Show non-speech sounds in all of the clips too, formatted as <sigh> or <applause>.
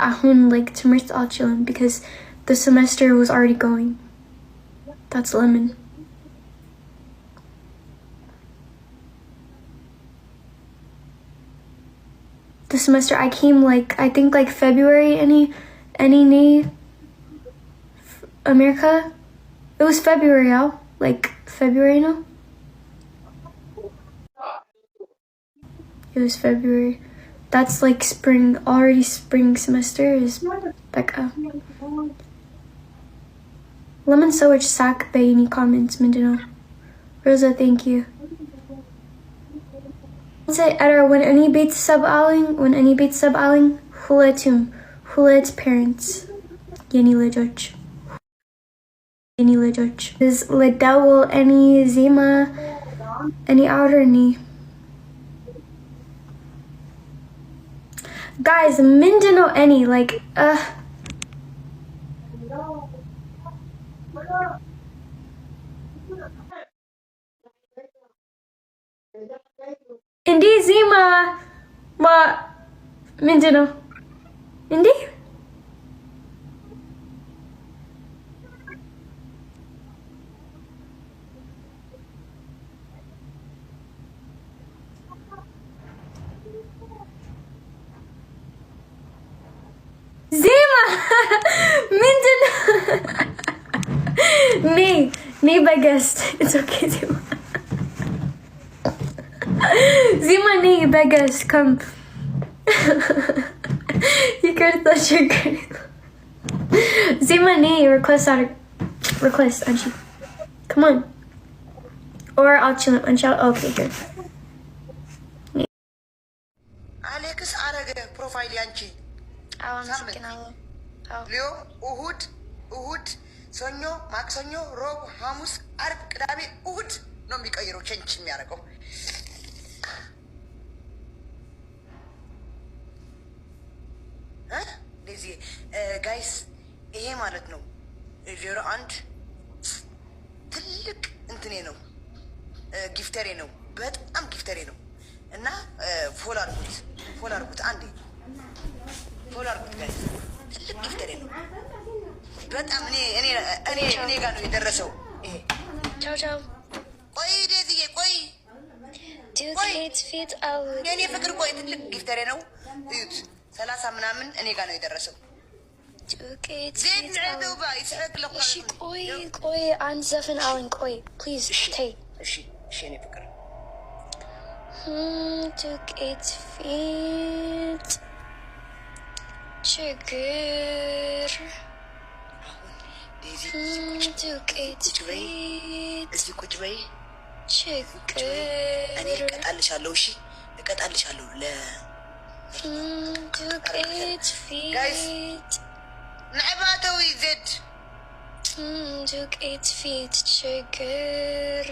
at home like ትምህርት አልችልም because the semester was already going. That's lemon. The semester I came like I think like February any any knee America. It was February out. Like February now. It was February. That's like spring, already spring semester is Becca. Lemon sewage sack any comments Mindanao. Rosa, thank you. Say Edar, when any beats sub aling, when any beats sub aling, Hula its parents. Yeni lejoch. Yeni lejoch. Is will any zima, any outer knee. Guys, Mindanao any, like, uh. Hindi zima ma Mindino, Hindi? <laughs> Minton! <laughs> me. Me by guest. It's okay, Zima. <laughs> Zima, me by guest. Come. you can touch your grave. Zima, me. Request on. Request, Anshi. Come on. Or I'll chill and shout. Okay, here. Alexis Arage, profile Yanchi. I want to ሊዮ እሁድ እሁድ ሰኞ፣ ማክሰኞ፣ ሮብ፣ ሐሙስ፣ አርብ፣ ቅዳሜ፣ እሁድ ነው የሚቀይረው ቼንጅ የሚያደርገው። እንደዚህ ጋይስ ይሄ ማለት ነው ዜሮ አንድ ትልቅ እንትኔ ነው፣ ጊፍተሬ ነው፣ በጣም ጊፍተሬ ነው። እና ፎል አድርጉት፣ ፎል አድርጉት፣ አንዴ ፎል አድርጉት ጋይስ ትልቅ መፍትሄ ነው። በጣም እኔ ጋር ነው የደረሰው። ቻው ቻው። ቆይ ዴዝዬ ቆይ ፊት የእኔ ፍቅር ቆይ ትልቅ ጊፍተሬ ነው። እዩት ሰላሳ ምናምን እኔ ጋር ነው የደረሰው። ቆይ ቆይ አንድ ዘፈን አሁን ቆይ ፕሊዝ ተይ እኔ ፍቅር ዱቄት ፊት ችግር እዚህ ቁጭ በይ። እኔ እቀጣልሻለሁ። እሺ እቀጣልሻለሁ። ዱቄት ፊት ንዕባተዊ ዜድ ዱቄት ፊት ችግር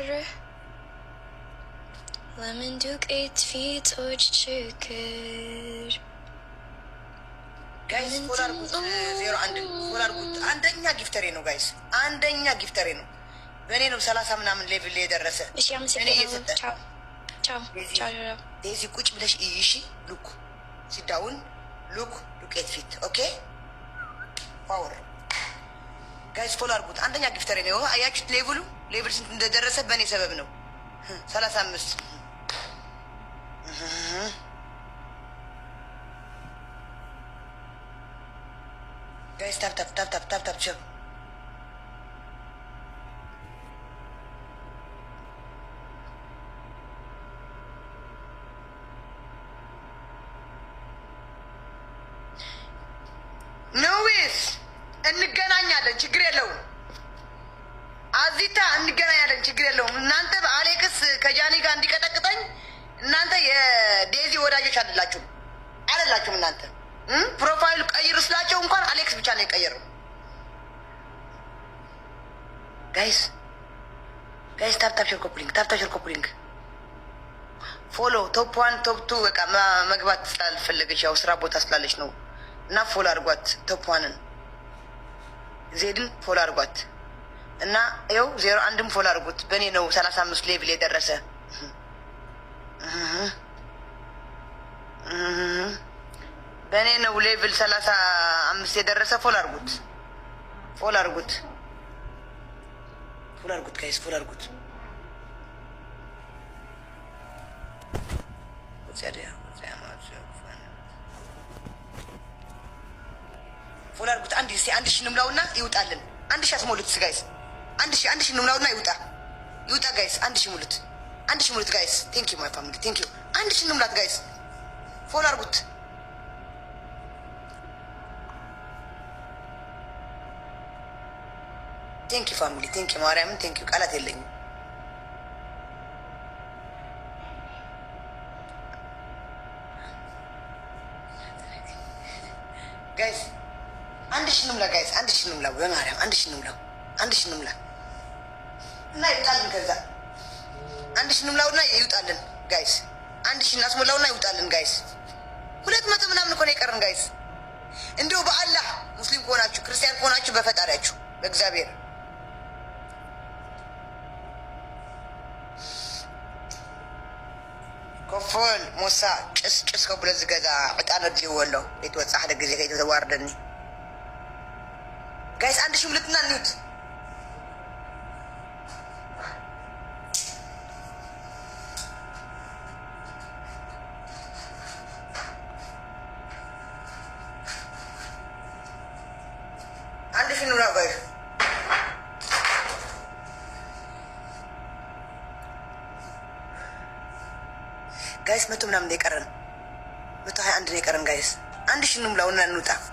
ወምን ዱቄት ፊቶች ችግር ጋይስ ፎላርጉት አድርጉት። አንድ አንደኛ ጊፍተሬ ነው ጋይስ፣ አንደኛ ጊፍተሬ ነው። በእኔ ነው ሰላሳ ምናምን ሌቭል የደረሰ እኔ ዴዚ ቁጭ ብለሽ እይሺ ሉክ ሲዳውን ሉክ ዱቄት ፊት ኦኬ ፓወር ጋይስ ፎሎ አድርጉት። አንደኛ ጊፍተሬ ነው። አያችሁት ሌቭሉ ሌቭል ስንት እንደደረሰ በእኔ ሰበብ ነው ሰላሳ አምስት tap, tap, tap, tap, tap, tap, tap. ሉዊስ እንገናኛለን፣ ችግር የለውም። አዚታ እንገናኛለን፣ ችግር የለውም። እናንተ አሌክስ ከጃኒ ጋር እንዲቀጠቅጠኝ እናንተ የዴዚ ወዳጆች አይደላችሁም አይደላችሁም። እናንተ ፕሮፋይሉ ቀይሩ ስላ ብቻ ነው የቀየረው። ጋይስ ጋይስ፣ ታፕታፕ ሸር ኮፕሊንግ፣ ታፕታፕ ሸር ኮፕሊንግ፣ ፎሎ ቶፕ ዋን ቶፕ ቱ በቃ መግባት ስላልፈለገች ያው ስራ ቦታ ስላለች ነው። እና ፎሎ አድርጓት ቶፕ ዋንን ዜድን ፎሎ አድርጓት እና ይኸው ዜሮ አንድም ፎሎ አድርጉት። በእኔ ነው ሰላሳ አምስት ሌቭል የደረሰ በእኔ ነው ሌቭል ሰላሳ አምስት የደረሰ ፎል አርጉት፣ ፎል አርጉት፣ ፎል አርጉት፣ ጋይስ ፎል አርጉት። ፎል አርጉት። አንድ ሺ አንድ ሺ እንምላውና ይውጣልን። አንድ ሺ አስሞሉት ጋይስ። አንድ ሺ አንድ ሺ እንምላውና ይውጣ ይውጣ ጋይስ። አንድ ሺ ሙሉት፣ አንድ ሺ ሙሉት ጋይስ። ቴንክ ዩ ማይ ፋሚሊ ቴንክ ዩ። አንድ ሺ እንምላት ጋይስ። ፎል አርጉት። ቴንኪ ፋሚሊ፣ ቴንኪ ማርያምን፣ ቴንኪ ቃላት የለኝም። ጋይስ አንድ ሺ እንሙላ፣ ጋይስ አንድ ሺህ እንሙላ፣ በማርያም አንድ ሺ እንሙላ፣ አንድ ሺ እንሙላ እና ይውጣልን። ከዛ አንድ ሺ ሺህ እና ይውጣልን ጋይስ። አንድ ሺ ሺህ እና ይውጣልን ጋይስ። ሁለት መቶ ምናምን እኮ ነው የቀርን ጋይስ። እንዲሁ በአላህ ሙስሊም ከሆናችሁ ክርስቲያን ከሆናችሁ በፈጣሪያችሁ በእግዚአብሔር فول موسى قس قس كبل زغدا عطانه دي ولو ليت وصح حدا غزي كيت تواردني جايس عندي شو لتنا نيت عندي شنو رايك ጋይስ መቶ ምናምን የቀረን መቶ ሀያ አንድ ነው የቀረን ጋይስ። አንድ ሺህ እንሙላውና እንውጣ።